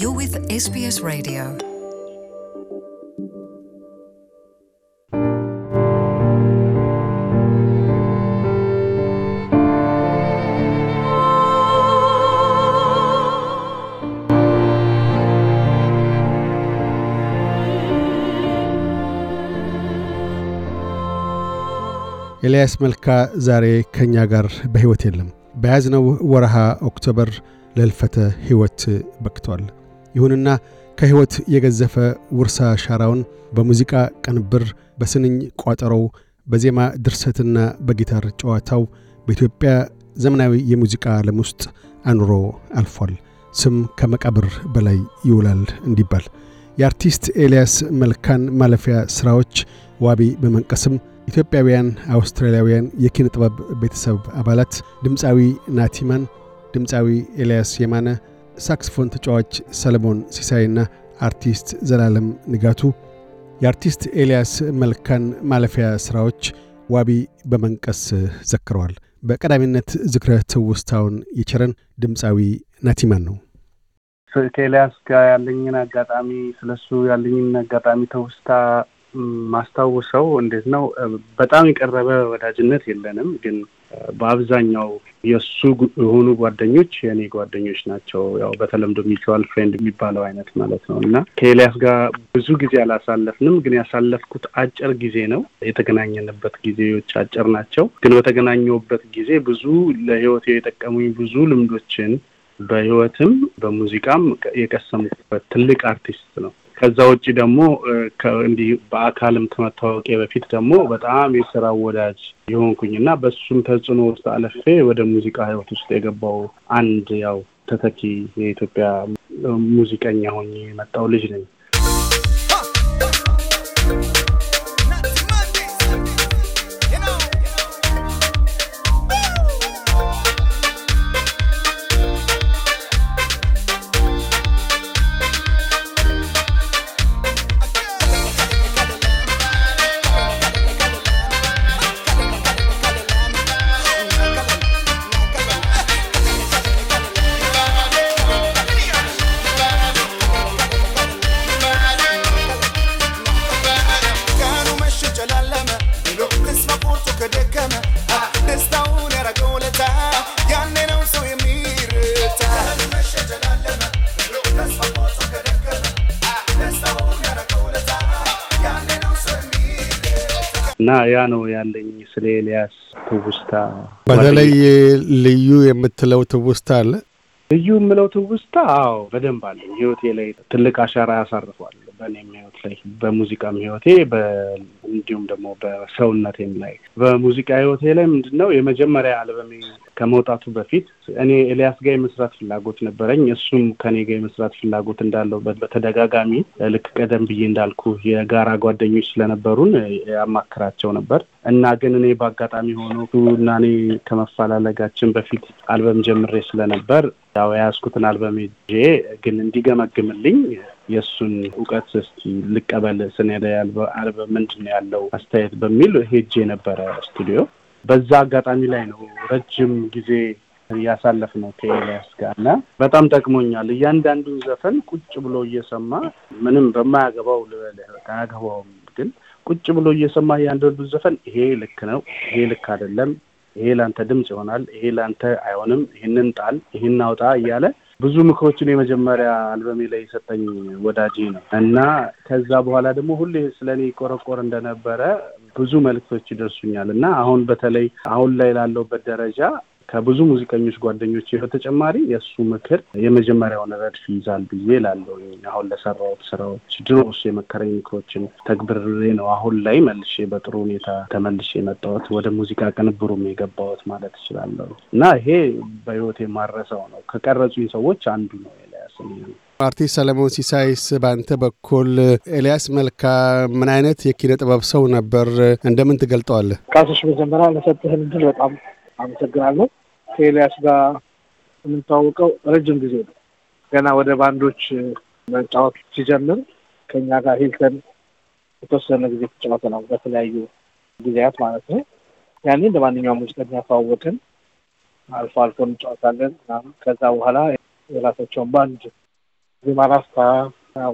You're with SBS Radio. ኤልያስ መልካ ዛሬ ከእኛ ጋር በሕይወት የለም። በያዝነው ወረሃ ኦክቶበር ለልፈተ ሕይወት በቅቷል። ይሁንና ከሕይወት የገዘፈ ውርሳ ሻራውን በሙዚቃ ቅንብር፣ በስንኝ ቋጠሮው፣ በዜማ ድርሰትና በጊታር ጨዋታው በኢትዮጵያ ዘመናዊ የሙዚቃ ዓለም ውስጥ አኑሮ አልፏል። ስም ከመቃብር በላይ ይውላል እንዲባል የአርቲስት ኤልያስ መልካን ማለፊያ ሥራዎች ዋቢ በመንቀስም ኢትዮጵያውያን አውስትራሊያውያን የኪነ ጥበብ ቤተሰብ አባላት ድምፃዊ ናቲማን፣ ድምፃዊ ኤልያስ የማነ ሳክስፎን ተጫዋች ሰለሞን ሲሳይና አርቲስት ዘላለም ንጋቱ የአርቲስት ኤልያስ መልካን ማለፊያ ሥራዎች ዋቢ በመንቀስ ዘክረዋል። በቀዳሚነት ዝክረ ትውስታውን የቸረን ድምፃዊ ናቲማን ነው። ከኤልያስ ጋር ያለኝን አጋጣሚ ስለሱ ያለኝን አጋጣሚ ትውስታ ማስታውሰው እንዴት ነው፣ በጣም የቀረበ ወዳጅነት የለንም ግን በአብዛኛው የእሱ የሆኑ ጓደኞች የእኔ ጓደኞች ናቸው። ያው በተለምዶ ሚቹዋል ፍሬንድ የሚባለው አይነት ማለት ነው እና ከኤልያስ ጋር ብዙ ጊዜ አላሳለፍንም፣ ግን ያሳለፍኩት አጭር ጊዜ ነው። የተገናኘንበት ጊዜዎች አጭር ናቸው። ግን በተገናኘሁበት ጊዜ ብዙ ለህይወት የጠቀሙኝ ብዙ ልምዶችን በህይወትም በሙዚቃም የቀሰሙበት ትልቅ አርቲስት ነው። ከዛ ውጭ ደግሞ እንዲህ በአካልም ከመታወቄ በፊት ደግሞ በጣም የስራ ወዳጅ የሆንኩኝ እና በሱም ተጽዕኖ ውስጥ አለፌ ወደ ሙዚቃ ህይወት ውስጥ የገባው አንድ ያው ተተኪ የኢትዮጵያ ሙዚቀኛ ሆኜ የመጣው ልጅ ነኝ። እና ያ ነው ያለኝ ስለ ኤልያስ ትውስታ። በተለይ ልዩ የምትለው ትውስታ አለ? ልዩ የምለው ትውስታ አዎ፣ በደንብ አለኝ። ህይወቴ ላይ ትልቅ አሻራ ያሳርፏል። በእኔም ህይወት ላይ በሙዚቃም ህይወቴ እንዲሁም ደግሞ በሰውነቴም ላይ በሙዚቃ ህይወቴ ላይ ምንድን ነው የመጀመሪያ አልበሜ ከመውጣቱ በፊት እኔ ኤልያስ ጋር የመስራት ፍላጎት ነበረኝ። እሱም ከኔ ጋር የመስራት ፍላጎት እንዳለውበት በተደጋጋሚ ልክ ቀደም ብዬ እንዳልኩ የጋራ ጓደኞች ስለነበሩን ያማክራቸው ነበር እና ግን እኔ በአጋጣሚ ሆኖ እና እኔ ከመፈላለጋችን በፊት አልበም ጀምሬ ስለነበር ያው የያዝኩትን አልበም ሄጄ ግን እንዲገመግምልኝ የእሱን እውቀት እስቲ ልቀበል ስንሄደ አልበም ምንድን ነው ያለው አስተያየት በሚል ሄጄ ነበረ ስቱዲዮ በዛ አጋጣሚ ላይ ነው ረጅም ጊዜ እያሳለፍ ነው ከኤልያስ ጋር እና በጣም ጠቅሞኛል። እያንዳንዱን ዘፈን ቁጭ ብሎ እየሰማ ምንም በማያገባው ልበልህ አያገባውም፣ ግን ቁጭ ብሎ እየሰማ እያንዳንዱ ዘፈን ይሄ ልክ ነው፣ ይሄ ልክ አይደለም፣ ይሄ ለአንተ ድምፅ ይሆናል፣ ይሄ ለአንተ አይሆንም፣ ይህንን ጣል፣ ይህን አውጣ እያለ ብዙ ምክሮችን የመጀመሪያ አልበሜ ላይ የሰጠኝ ወዳጄ ነው እና ከዛ በኋላ ደግሞ ሁሌ ስለ እኔ ይቆረቆር እንደነበረ ብዙ መልእክቶች ይደርሱኛል እና አሁን በተለይ አሁን ላይ ላለውበት ደረጃ ከብዙ ሙዚቀኞች ጓደኞች በተጨማሪ የእሱ ምክር የመጀመሪያውን ረድፍ ይዛል ብዬ ላለው አሁን ለሰራሁት ስራዎች ድሮ ድሮስ የመከረኝ ምክሮችን ተግብሬ ነው አሁን ላይ መልሼ በጥሩ ሁኔታ ተመልሼ የመጣወት ወደ ሙዚቃ ቅንብሩም የገባወት ማለት እችላለሁ እና ይሄ በህይወት የማረሰው ነው። ከቀረጹኝ ሰዎች አንዱ ነው ኤልያስ። አርቲስት ሰለሞን ሲሳይስ በአንተ በኩል ኤልያስ መልካ ምን አይነት የኪነ ጥበብ ሰው ነበር? እንደምን ትገልጠዋለህ? ቃሶች መጀመሪያ ለሰጥህን እድል በጣም አመሰግናለሁ። ከኤልያስ ጋር የምንተዋወቀው ረጅም ጊዜ ነው። ገና ወደ ባንዶች መጫወት ሲጀምር ከኛ ጋር ሂልተን የተወሰነ ጊዜ ነው፣ በተለያዩ ጊዜያት ማለት ነው። ያኔ እንደ ማንኛውም ሙዚቀኛ ተዋወቅን። አልፎ አልፎ እንጫወታለን። ከዛ በኋላ የራሳቸውን ባንድ ዜማ ላስታ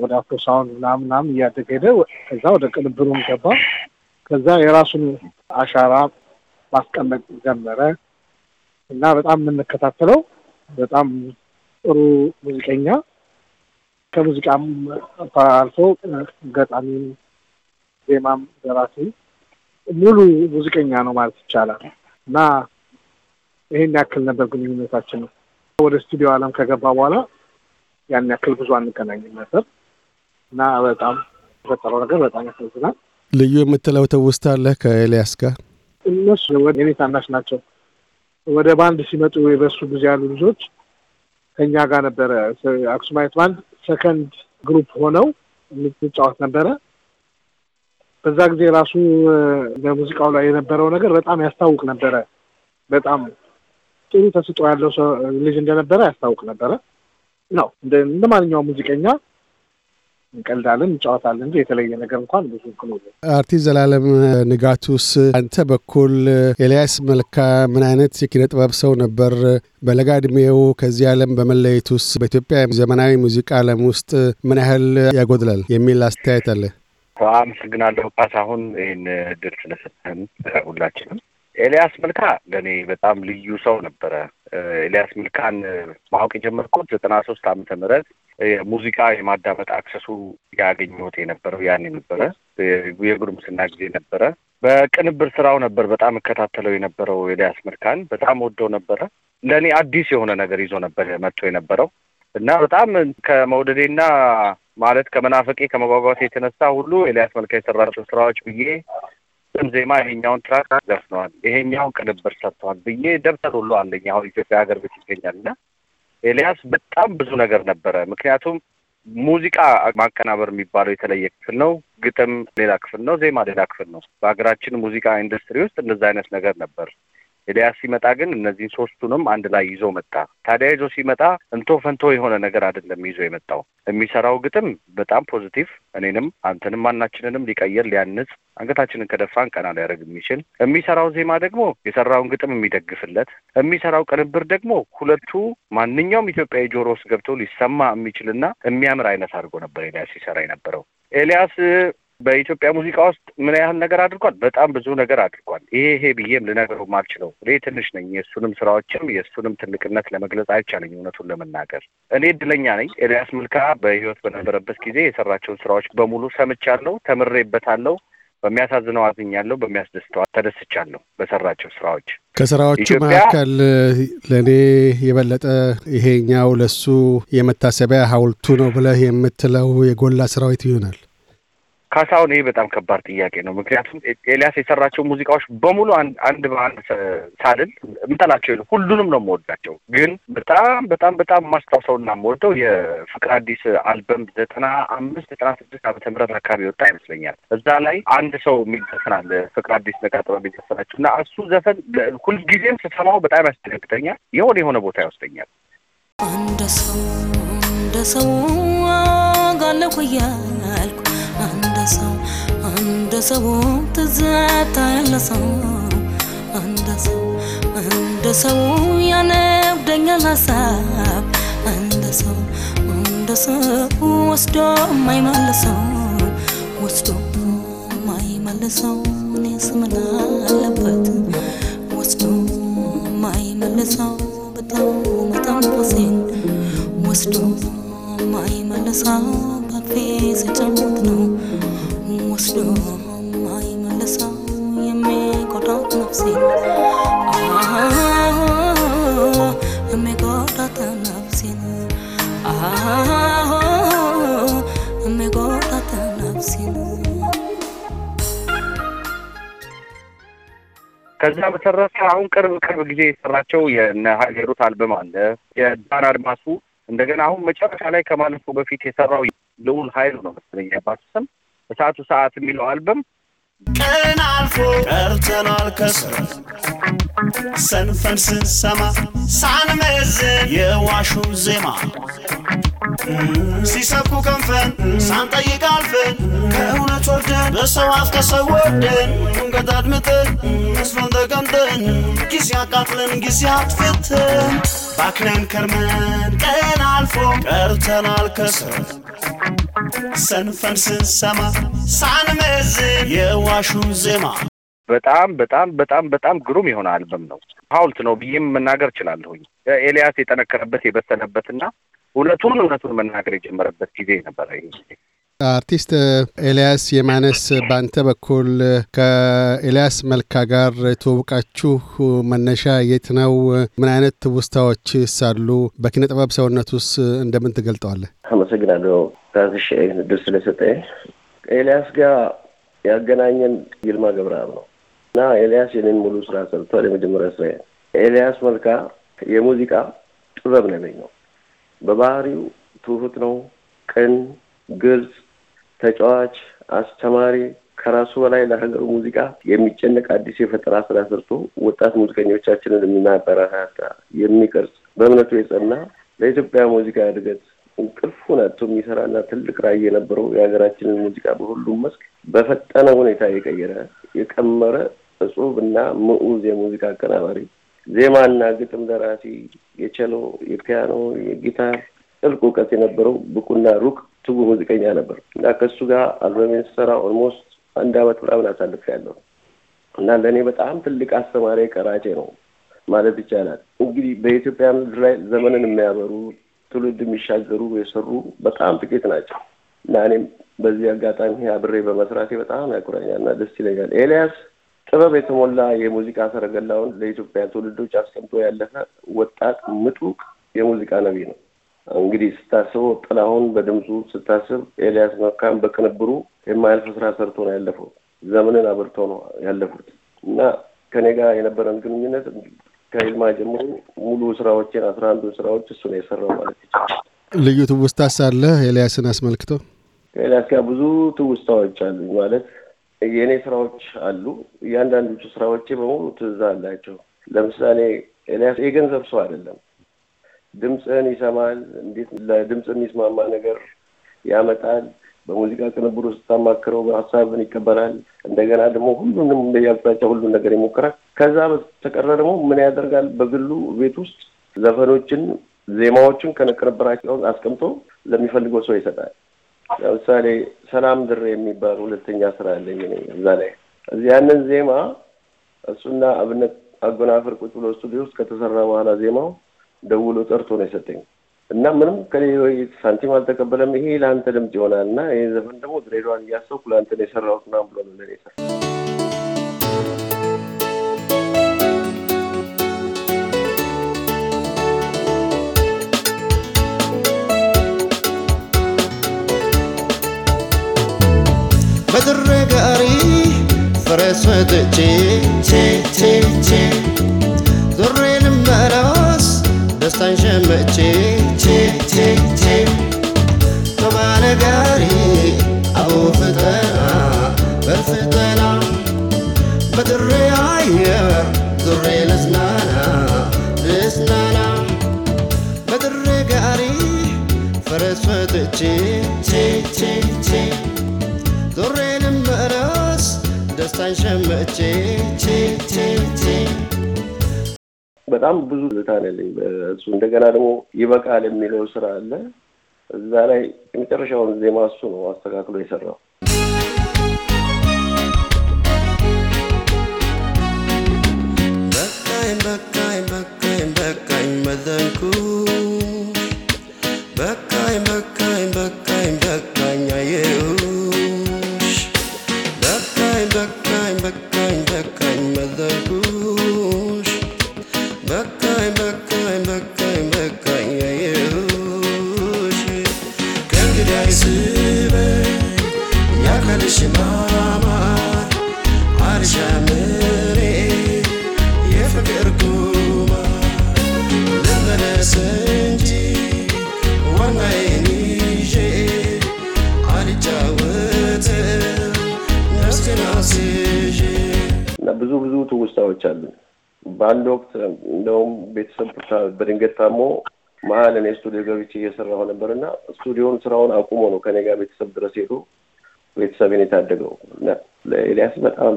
ወደ አፍሮ ሳውንድ ምናምን ምናምን እያደገ ሄደ። ከዛ ወደ ቅንብሩም ገባ። ከዛ የራሱን አሻራ ማስቀመጥ ጀመረ እና በጣም የምንከታተለው በጣም ጥሩ ሙዚቀኛ ከሙዚቃም አልፎ ገጣሚም፣ ዜማም ደራሲ ሙሉ ሙዚቀኛ ነው ማለት ይቻላል። እና ይሄን ያክል ነበር ግንኙነታችን። ወደ ስቱዲዮ አለም ከገባ በኋላ ያን ያክል ብዙ አንገናኝም ነበር እና በጣም የፈጠረው ነገር በጣም ያሳዝናል። ልዩ የምትለው ትውስታ አለ ከኤልያስ ጋር? እነሱ የኔ ታናሽ ናቸው። ወደ ባንድ ሲመጡ የበሱ ጊዜ ያሉ ልጆች ከእኛ ጋር ነበረ። አክሱማይት ባንድ ሰከንድ ግሩፕ ሆነው የሚጫወት ነበረ። በዛ ጊዜ ራሱ በሙዚቃው ላይ የነበረው ነገር በጣም ያስታውቅ ነበረ። በጣም ጥሩ ተስጦ ያለው ልጅ እንደነበረ ያስታውቅ ነበረ። ነው። እንደ ማንኛውም ሙዚቀኛ እንቀልዳለን፣ እንጫወታለን እንጂ የተለየ ነገር እንኳን ብዙ ክሎ አርቲስት ዘላለም ንጋቱስ፣ አንተ በኩል ኤልያስ መልካ ምን አይነት የኪነ ጥበብ ሰው ነበር? በለጋ እድሜው ከዚህ ዓለም በመለየቱስ በኢትዮጵያ ዘመናዊ ሙዚቃ ዓለም ውስጥ ምን ያህል ያጎድላል የሚል አስተያየት አለ። አመሰግናለሁ አሁን ይህን ድል ስለሰጠን ሁላችንም ኤልያስ መልካ ለእኔ በጣም ልዩ ሰው ነበረ። ኤልያስ መልካን ማወቅ የጀመርኩት ዘጠና ሶስት ዓመተ ምህረት የሙዚቃ የማዳመጥ አክሰሱ ያገኘሁት የነበረው ያኔ ነበረ። የጉርምስና ጊዜ ነበረ። በቅንብር ስራው ነበር በጣም እከታተለው የነበረው ኤልያስ መልካን በጣም ወደው ነበረ። ለእኔ አዲስ የሆነ ነገር ይዞ ነበር መጥቶ የነበረው እና በጣም ከመውደዴና ማለት ከመናፈቄ ከመጓጓት የተነሳ ሁሉ ኤልያስ መልካ የሰራቸው ስራዎች ብዬ ግጥም ዜማ ይሄኛውን ትራክ ዘፍነዋል፣ ይሄኛውን ቅንብር ሰጥተዋል ብዬ ደብተር ሁሉ አለኝ። አሁን ኢትዮጵያ ሀገር ቤት ይገኛል እና ኤልያስ በጣም ብዙ ነገር ነበረ። ምክንያቱም ሙዚቃ ማቀናበር የሚባለው የተለየ ክፍል ነው። ግጥም ሌላ ክፍል ነው። ዜማ ሌላ ክፍል ነው። በሀገራችን ሙዚቃ ኢንዱስትሪ ውስጥ እንደዛ አይነት ነገር ነበር። ኤልያስ ሲመጣ ግን እነዚህን ሶስቱንም አንድ ላይ ይዞ መጣ። ታዲያ ይዞ ሲመጣ እንቶ ፈንቶ የሆነ ነገር አይደለም ይዞ የመጣው። የሚሰራው ግጥም በጣም ፖዚቲቭ፣ እኔንም አንተንም ማናችንንም ሊቀየር ሊያንጽ፣ አንገታችንን ከደፋን ቀና ሊያደርግ የሚችል የሚሰራው ዜማ ደግሞ የሰራውን ግጥም የሚደግፍለት የሚሰራው ቅንብር ደግሞ ሁለቱ ማንኛውም ኢትዮጵያዊ ጆሮ ውስጥ ገብቶ ሊሰማ የሚችልና የሚያምር አይነት አድርጎ ነበር ኤልያስ ሲሰራ የነበረው። ኤልያስ በኢትዮጵያ ሙዚቃ ውስጥ ምን ያህል ነገር አድርጓል? በጣም ብዙ ነገር አድርጓል። ይሄ ይሄ ብዬም ልነገረው ማልችለው እኔ ትንሽ ነኝ። የእሱንም ስራዎችም የእሱንም ትልቅነት ለመግለጽ አይቻለኝ። እውነቱን ለመናገር እኔ እድለኛ ነኝ። ኤልያስ መልካ በህይወት በነበረበት ጊዜ የሰራቸውን ስራዎች በሙሉ ሰምቻለሁ፣ ተምሬበታለሁ። በሚያሳዝነው አዝኛለሁ፣ በሚያስደስተው ተደስቻለሁ። በሰራቸው ስራዎች ከስራዎቹ መካከል ለእኔ የበለጠ ይሄኛው ለሱ የመታሰቢያ ሀውልቱ ነው ብለህ የምትለው የጎላ ስራዊት ይሆናል። ካሳሁን ይሄ በጣም ከባድ ጥያቄ ነው። ምክንያቱም ኤልያስ የሰራቸው ሙዚቃዎች በሙሉ አንድ በአንድ ሳልል የምጠላቸው የለም፣ ሁሉንም ነው የምወዳቸው። ግን በጣም በጣም በጣም ማስታውሰውና የምወደው የፍቅር አዲስ አልበም ዘጠና አምስት ዘጠና ስድስት ዓመተ ምህረት አካባቢ ወጣ ይመስለኛል። እዛ ላይ አንድ ሰው የሚዘፍናል ፍቅር አዲስ ነቃጥሎ የሚዘፍናቸው እና እሱ ዘፈን ሁልጊዜም ስሰማው በጣም ያስደነግጠኛል። የሆነ የሆነ ቦታ ይወስደኛል። አንድ ሰው እንደ ሰው ሰው አንድ ሰው ትዝታ ያለ ሰው አንድ ሰው አንድ ሰው ያነብደኛል ሀሳብ አንድ ሰው አንድ ሰው ወስዶ የማይመልሰው ወስዶ የማይመልሰው እኔ ስምን አለበት ወስዶ የማይመልሰው በጣም በጣም ወስዶ የማይመልሰው ባፌ ሲጨሙት ነው ወስዶ አይመለሰው የሚጎዳት የሚጎዳት የሚጎዳት ከዛ በተረፈ አሁን ቅርብ ቅርብ ጊዜ የሰራቸው የነ ሀይሌሩት አልበም አለ የዳን አድማሱ እንደገና አሁን መጨረሻ ላይ ከማለፉ በፊት የሰራው ልዑል ኃይሉ ነው መሰለኝ የአባቱ ስም እሳቱ ሰዓት የሚለው አልበም ቀን አልፎ ቀርተናል ከስራ ሰንፈን ስንሰማ ሳንመዝን የዋሹ ዜማ ሲሰብኩ ከንፈን ሳንጠይቅ አልፈን ከእውነት ወርደን በሰው አፍ ከሰው ወርደን መንገድ አድምጠን መስሎን ተቀምጠን ጊዜ አቃጥለን ጊዜ አጥፍተን ባክነን ከርመን ቀን አልፎ ቀርተናል ከሰው ሰንፈን ስንሰማ ሳንመዝን የዋሹን ዜማ በጣም በጣም በጣም በጣም ግሩም የሆነ አልበም ነው። ሀውልት ነው ብዬም መናገር እችላለሁኝ። ኤልያስ የጠነከረበት የበሰለበትና እውነቱን እውነቱን መናገር የጀመረበት ጊዜ ነበረ። አርቲስት ኤልያስ የማነስ በአንተ በኩል ከኤልያስ መልካ ጋር የተወቃችሁ መነሻ የት ነው? ምን አይነት ውስታዎች ሳሉ በኪነ ጥበብ ውስጥ እንደምን ትገልጠዋለህ? አመሰግናለሁ ታንሽ ድር ስለሰጠ ከኤልያስ ጋር ያገናኘን ይልማ ገብረአብ ነው እና ኤልያስ የኔን ሙሉ ስራ ሰርቷል። የመጀመሪያ ስራ ኤልያስ መልካ የሙዚቃ ጥበብ ነው ነው በባህሪው ትሁት ነው። ቅን፣ ግልጽ ተጫዋች፣ አስተማሪ ከራሱ በላይ ለሀገር ሙዚቃ የሚጨነቅ አዲስ የፈጠራ ስራ ሰርቶ ወጣት ሙዚቀኞቻችንን የሚያበረታታ የሚቀርጽ በእምነቱ የጸና ለኢትዮጵያ ሙዚቃ እድገት እንቅልፉን አጥቶ የሚሰራና ትልቅ ራዕይ የነበረው የሀገራችንን ሙዚቃ በሁሉም መስክ በፈጠነ ሁኔታ የቀየረ የቀመረ እጹብ እና ምዑዝ የሙዚቃ አቀናባሪ ዜማና ግጥም ደራሲ፣ የቸሎ፣ የፒያኖ፣ የጊታር ጥልቅ እውቀት የነበረው ብቁና ሩቅ ትጉ ሙዚቀኛ ነበር እና ከሱ ጋር አልበሜን ስሰራ ኦልሞስት አንድ አመት ምናምን አሳልፌያለሁ እና ለእኔ በጣም ትልቅ አስተማሪ ቀራጬ ነው ማለት ይቻላል። እንግዲህ በኢትዮጵያ ምድር ላይ ዘመንን የሚያበሩ ትውልድ የሚሻገሩ የሰሩ በጣም ጥቂት ናቸው እና እኔም በዚህ አጋጣሚ አብሬ በመስራቴ በጣም ያኩራኛል እና ደስ ይለኛል ኤልያስ ጥበብ የተሞላ የሙዚቃ ሰረገላውን ለኢትዮጵያ ትውልዶች አስቀምጦ ያለፈ ወጣት ምጡቅ የሙዚቃ ነቢይ ነው። እንግዲህ ስታስበው ጥላሁን በድምፁ ስታስብ፣ ኤልያስ መካን በቅንብሩ የማያልፍ ስራ ሰርቶ ነው ያለፈው። ዘመንን አብርቶ ነው ያለፉት እና ከኔ ጋር የነበረን ግንኙነት ከይልማ ጀምሮ ሙሉ ስራዎችን አስራ አንዱን ስራዎች እሱ ነው የሰራው ማለት ይቻላል። ልዩ ትውስታ ሳለህ ኤልያስን አስመልክቶ ከኤልያስ ጋር ብዙ ትውስታዎች አሉ ማለት የእኔ ስራዎች አሉ። እያንዳንዶቹ ስራዎቼ በሙሉ ትዛ አላቸው። ለምሳሌ ኤልያስ የገንዘብ ሰው አይደለም። ድምፅህን ይሰማል። እንዴት ለድምፅ የሚስማማ ነገር ያመጣል። በሙዚቃ ቅንብር ውስጥ ታማክረው ሀሳብን ይቀበላል። እንደገና ደግሞ ሁሉንም ያቅጣጫ ሁሉን ነገር ይሞክራል። ከዛ በተቀረ ደግሞ ምን ያደርጋል? በግሉ ቤት ውስጥ ዘፈኖችን፣ ዜማዎችን ከነቅንብራቸውን አስቀምጦ ለሚፈልገው ሰው ይሰጣል። ለምሳሌ ሰላም ድሬ የሚባል ሁለተኛ ስራ አለኝ እዛ ላይ እዚህ ያንን ዜማ እሱና አብነት አጎናፍር ቁጭ ብሎ ስቱዲዮ ውስጥ ከተሰራ በኋላ ዜማው ደውሎ ጠርቶ ነው የሰጠኝ እና ምንም ከሌሎች ሳንቲም አልተቀበለም። ይሄ ለአንተ ድምፅ ይሆናል እና ይህ ዘፈን ደግሞ ድሬዳዋን እያሰብኩ ለአንተ ነው የሰራሁት ምናምን ብሎ ነው ለእኔ የሰራው። ሰጥቼ ቼቼቼ ዙሬንም በራስ ደስታን ሸመቼ በጣም ብዙ ዝታ ያለኝ እሱ እንደገና ደግሞ ይበቃል የሚለው ስራ አለ። እዛ ላይ የመጨረሻውን ዜማ እሱ ነው አስተካክሎ የሰራው። አርሽ ማማር አርሽ ምሬ የፍቅር ጉማር ልመለስ እንጂ ዋናዬን ይዤ አልጫወትም ነፍሴን ብዙ ብዙ ትውስታዎች አሉ። በአንድ ወቅት እንደውም ቤተሰብ በድንገት ታሞ መሀል እኔ ስቱዲዮ ገብቼ እየሰራሁ ነበር እና ስቱዲዮን ስራውን አቁሞ ነው ከኔ ጋር ቤተሰብ ድረስ ሄዶ ቤተሰብን የታደገው እና ለኤልያስ በጣም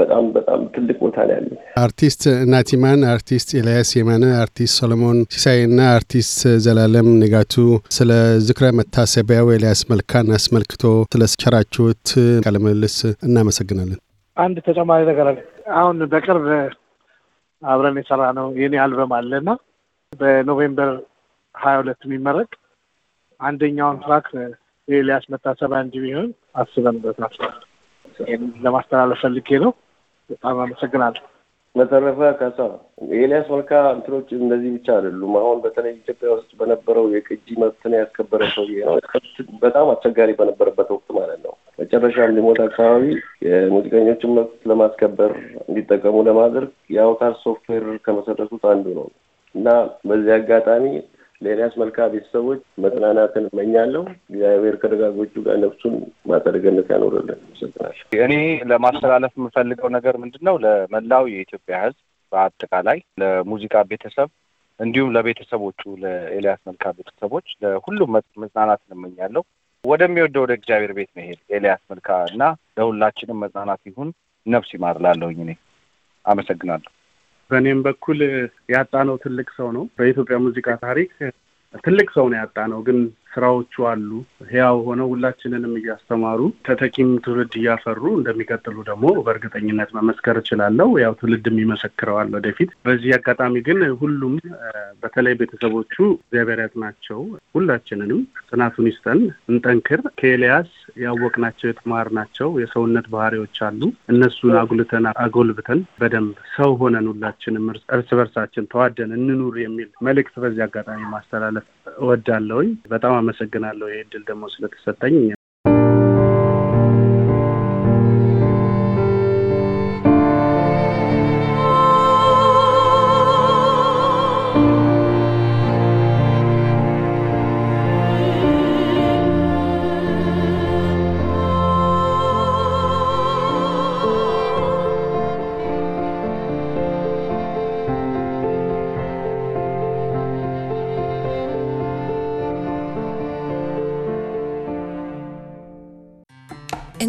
በጣም በጣም ትልቅ ቦታ ላይ ያለ። አርቲስት ናቲማን፣ አርቲስት ኤልያስ የማነ፣ አርቲስት ሰሎሞን ሲሳይና አርቲስት ዘላለም ንጋቱ ስለ ዝክረ መታሰቢያው ኤልያስ መልካን አስመልክቶ ስለ ስቸራችሁት ቃለ ምልልስ እናመሰግናለን። አንድ ተጨማሪ ነገር አለ። አሁን በቅርብ አብረን የሰራ ነው የኔ አልበም አለና በኖቬምበር ሀያ ሁለት የሚመረቅ አንደኛውን ትራክ የኤልያስ መታሰብ አንድ ቢሆን አስበንበታል። ይህን ለማስተላለፍ ፈልጌ ነው። በጣም አመሰግናለሁ። በተረፈ ከሳ የኤልያስ መልካ እንትኖች እንደዚህ ብቻ አይደሉም። አሁን በተለይ ኢትዮጵያ ውስጥ በነበረው የቅጂ መብትን ያስከበረ ሰው ነው። በጣም አስቸጋሪ በነበረበት ወቅት ማለት ነው። መጨረሻም ሊሞት አካባቢ የሙዚቀኞችን መብት ለማስከበር እንዲጠቀሙ ለማድረግ የአውታር ሶፍትዌር ከመሰረቱት አንዱ ነው እና በዚህ አጋጣሚ ለኤልያስ መልካ ቤተሰቦች መጽናናትን እመኛለሁ። እግዚአብሔር ከደጋጎቹ ጋር ነፍሱን ማጸደ ገነት ያኖርልን። አመሰግናለሁ። እኔ ለማስተላለፍ የምፈልገው ነገር ምንድን ነው? ለመላው የኢትዮጵያ ሕዝብ በአጠቃላይ ለሙዚቃ ቤተሰብ እንዲሁም ለቤተሰቦቹ ለኤልያስ መልካ ቤተሰቦች ለሁሉም መጽናናትን እመኛለሁ። ወደሚወደው ወደ እግዚአብሔር ቤት መሄድ ኤልያስ መልካ እና ለሁላችንም መጽናናት ይሁን። ነፍስ ይማርላለሁኝ። እኔ አመሰግናለሁ። በእኔም በኩል ያጣነው ትልቅ ሰው ነው። በኢትዮጵያ ሙዚቃ ታሪክ ትልቅ ሰው ነው ያጣነው ግን ስራዎቹ አሉ። ህያው ሆነው ሁላችንንም እያስተማሩ ተተኪም ትውልድ እያፈሩ እንደሚቀጥሉ ደግሞ በእርግጠኝነት መመስከር እችላለሁ። ያው ትውልድም ይመሰክረዋል ወደፊት። በዚህ አጋጣሚ ግን ሁሉም በተለይ ቤተሰቦቹ እግዚአብሔር ናቸው ሁላችንንም ጽናቱን ይስጠን፣ እንጠንክር። ከኤልያስ ያወቅናቸው ናቸው የሰውነት ባህሪዎች አሉ። እነሱን አጉልተን አጎልብተን በደንብ ሰው ሆነን ሁላችንም እርስ በርሳችን ተዋደን እንኑር የሚል መልእክት በዚህ አጋጣሚ ማስተላለፍ እወዳለሁኝ። በጣም አመሰግናለሁ ይህ እድል ደግሞ ስለተሰጠኝ።